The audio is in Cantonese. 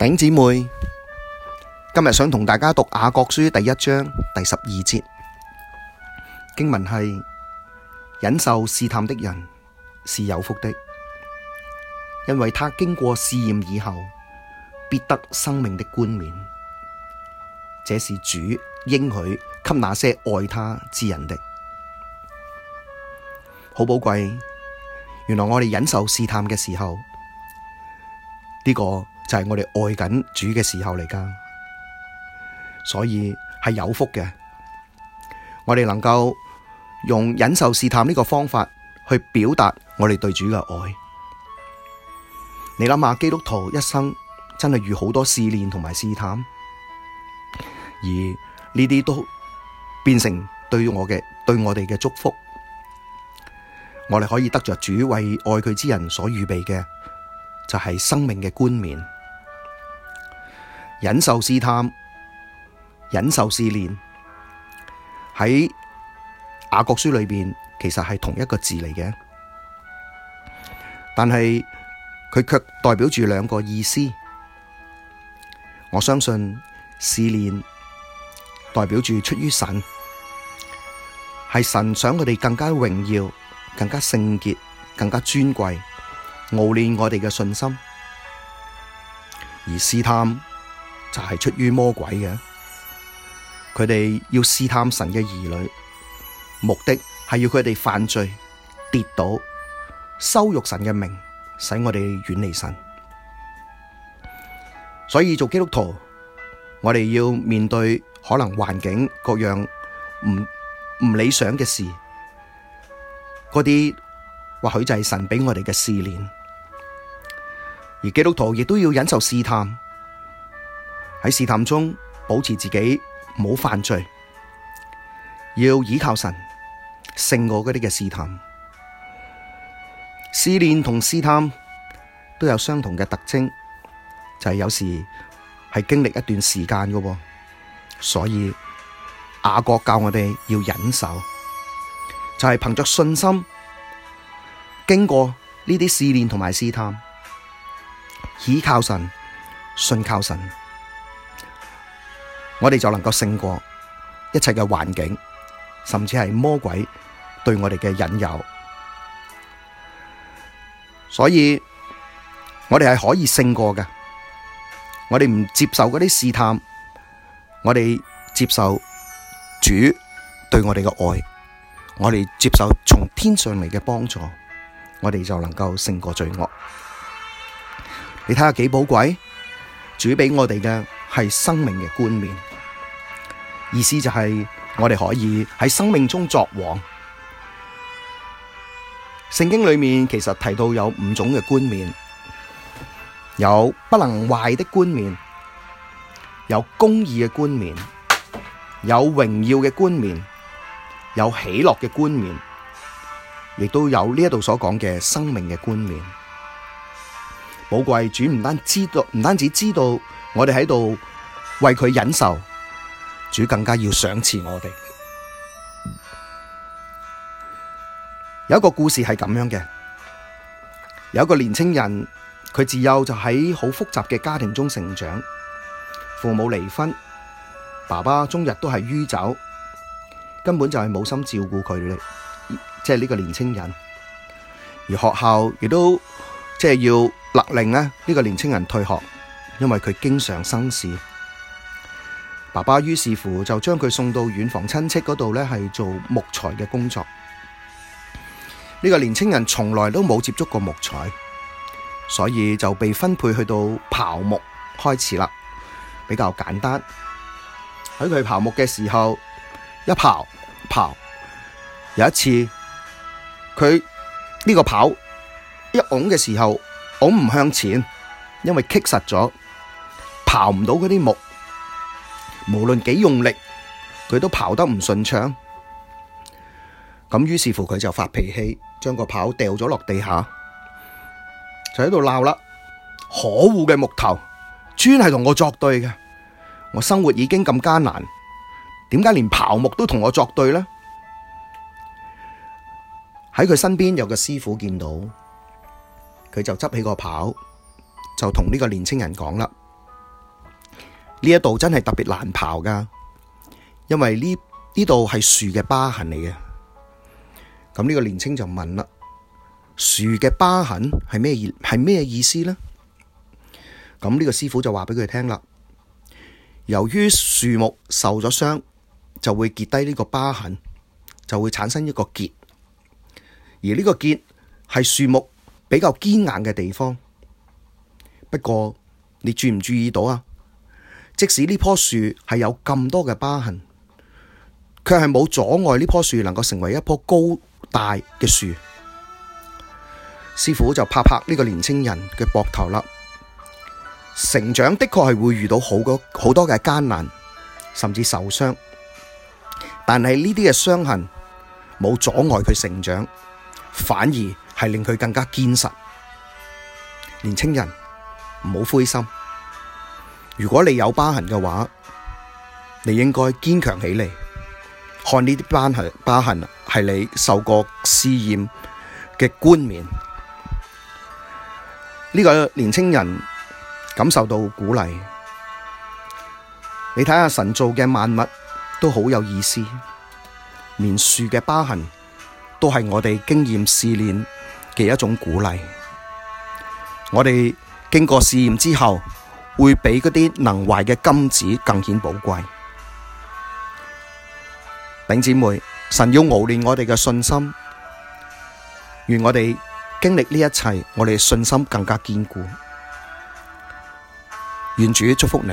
頂姐妹，今日想同大家讀雅各書第一章第十二節經文係：忍受試探的人是有福的，因為他經過試驗以後，必得生命的冠冕。這是主應許給那些愛他之人的。好寶貴！原來我哋忍受試探嘅時候，呢、這個。就係我哋愛緊主嘅時候嚟噶，所以係有福嘅。我哋能夠用忍受試探呢個方法去表達我哋對主嘅愛。你諗下，基督徒一生真係遇好多試煉同埋試探，而呢啲都變成對我嘅對我哋嘅祝福。我哋可以得着主為愛佢之人所預備嘅，就係生命嘅冠冕。忍受試探、忍受試煉，喺《雅各書》裏邊，其實係同一個字嚟嘅，但係佢卻代表住兩個意思。我相信試煉代表住出於神，係神想我哋更加榮耀、更加聖潔、更加尊貴，熬練我哋嘅信心，而試探。就係、是、出於魔鬼嘅，佢哋要試探神嘅兒女，目的係要佢哋犯罪跌倒，羞辱神嘅名，使我哋遠離神。所以做基督徒，我哋要面對可能環境各樣唔唔理想嘅事，嗰啲或許就係神俾我哋嘅試煉，而基督徒亦都要忍受試探。喺試探中保持自己冇犯罪，要倚靠神勝過嗰啲嘅試探。試煉同試探都有相同嘅特徵，就係、是、有時係經歷一段時間喎。所以雅各教我哋要忍受，就係憑着信心經過呢啲試煉同埋試探，倚靠神，信靠神。我哋就能夠勝過一切嘅環境，甚至係魔鬼對我哋嘅引誘，所以我哋係可以勝過嘅。我哋唔接受嗰啲試探，我哋接受主對我哋嘅愛，我哋接受從天上嚟嘅幫助，我哋就能夠勝過罪惡。你睇下幾寶貴，主俾我哋嘅係生命嘅冠冕。意思就係我哋可以喺生命中作王。聖經裏面其實提到有五種嘅冠冕：有不能壞的冠冕，有公義嘅冠冕，有榮耀嘅冠冕，有喜樂嘅冠冕，亦都有呢一度所講嘅生命嘅冠冕。寶貴！主唔單知道，唔單止知道我哋喺度為佢忍受。主更加要賞賜我哋。有一個故事係咁樣嘅，有一個年青人，佢自幼就喺好複雜嘅家庭中成長，父母離婚，爸爸終日都係酗酒，根本就係冇心照顧佢，即係呢個年青人。而學校亦都即係、就是、要勒令咧呢個年青人退學，因為佢經常生事。爸爸於是乎就將佢送到遠房親戚嗰度咧，係做木材嘅工作。呢個年青人從來都冇接觸過木材，所以就被分配去到刨木開始啦，比較簡單。喺佢刨木嘅時候，一刨刨，有一次佢呢個刨一拱嘅時候，拱唔向前，因為棘實咗，刨唔到嗰啲木。無論幾用力，佢都刨得唔順暢。咁於是乎佢就發脾氣，將個刨掉咗落地下，就喺度鬧啦。可惡嘅木頭，專係同我作對嘅。我生活已經咁艱難，點解連刨木都同我作對呢？喺佢身邊有個師傅見到，佢就執起個刨，就同呢個年青人講啦。呢一度真係特別難刨，㗎，因為呢呢度係樹嘅疤痕嚟嘅。咁、這、呢個年青就問啦：樹嘅疤痕係咩意係咩意思咧？咁、這、呢個師傅就話俾佢聽啦。由於樹木受咗傷，就會結低呢個疤痕，就會產生一個結。而呢個結係樹木比較堅硬嘅地方。不過你注唔注意到啊？即使呢棵樹係有咁多嘅疤痕，卻係冇阻礙呢棵樹能夠成為一棵高大嘅樹。師傅就拍拍呢個年輕人嘅肩膀。成長的確係會遇到好，好多好多嘅艱難，甚至受傷，但係呢啲嘅傷痕冇阻礙佢成長，反而係令佢更加堅實。年輕人，唔好灰心。如果你有疤痕嘅話，你應該堅強起嚟，看呢啲疤痕，疤痕係你受過試驗嘅冠冕。呢個年輕人感受到鼓勵，你睇下神造嘅萬物都好有意思，棉樹嘅疤痕都係我哋經驗試煉嘅一種鼓勵。我哋經過試驗之後，會比嗰啲能壞嘅金子更顯寶貴，頂姊妹，神要磨練我哋嘅信心，願我哋經歷呢一切，我哋信心更加堅固，願主祝福你。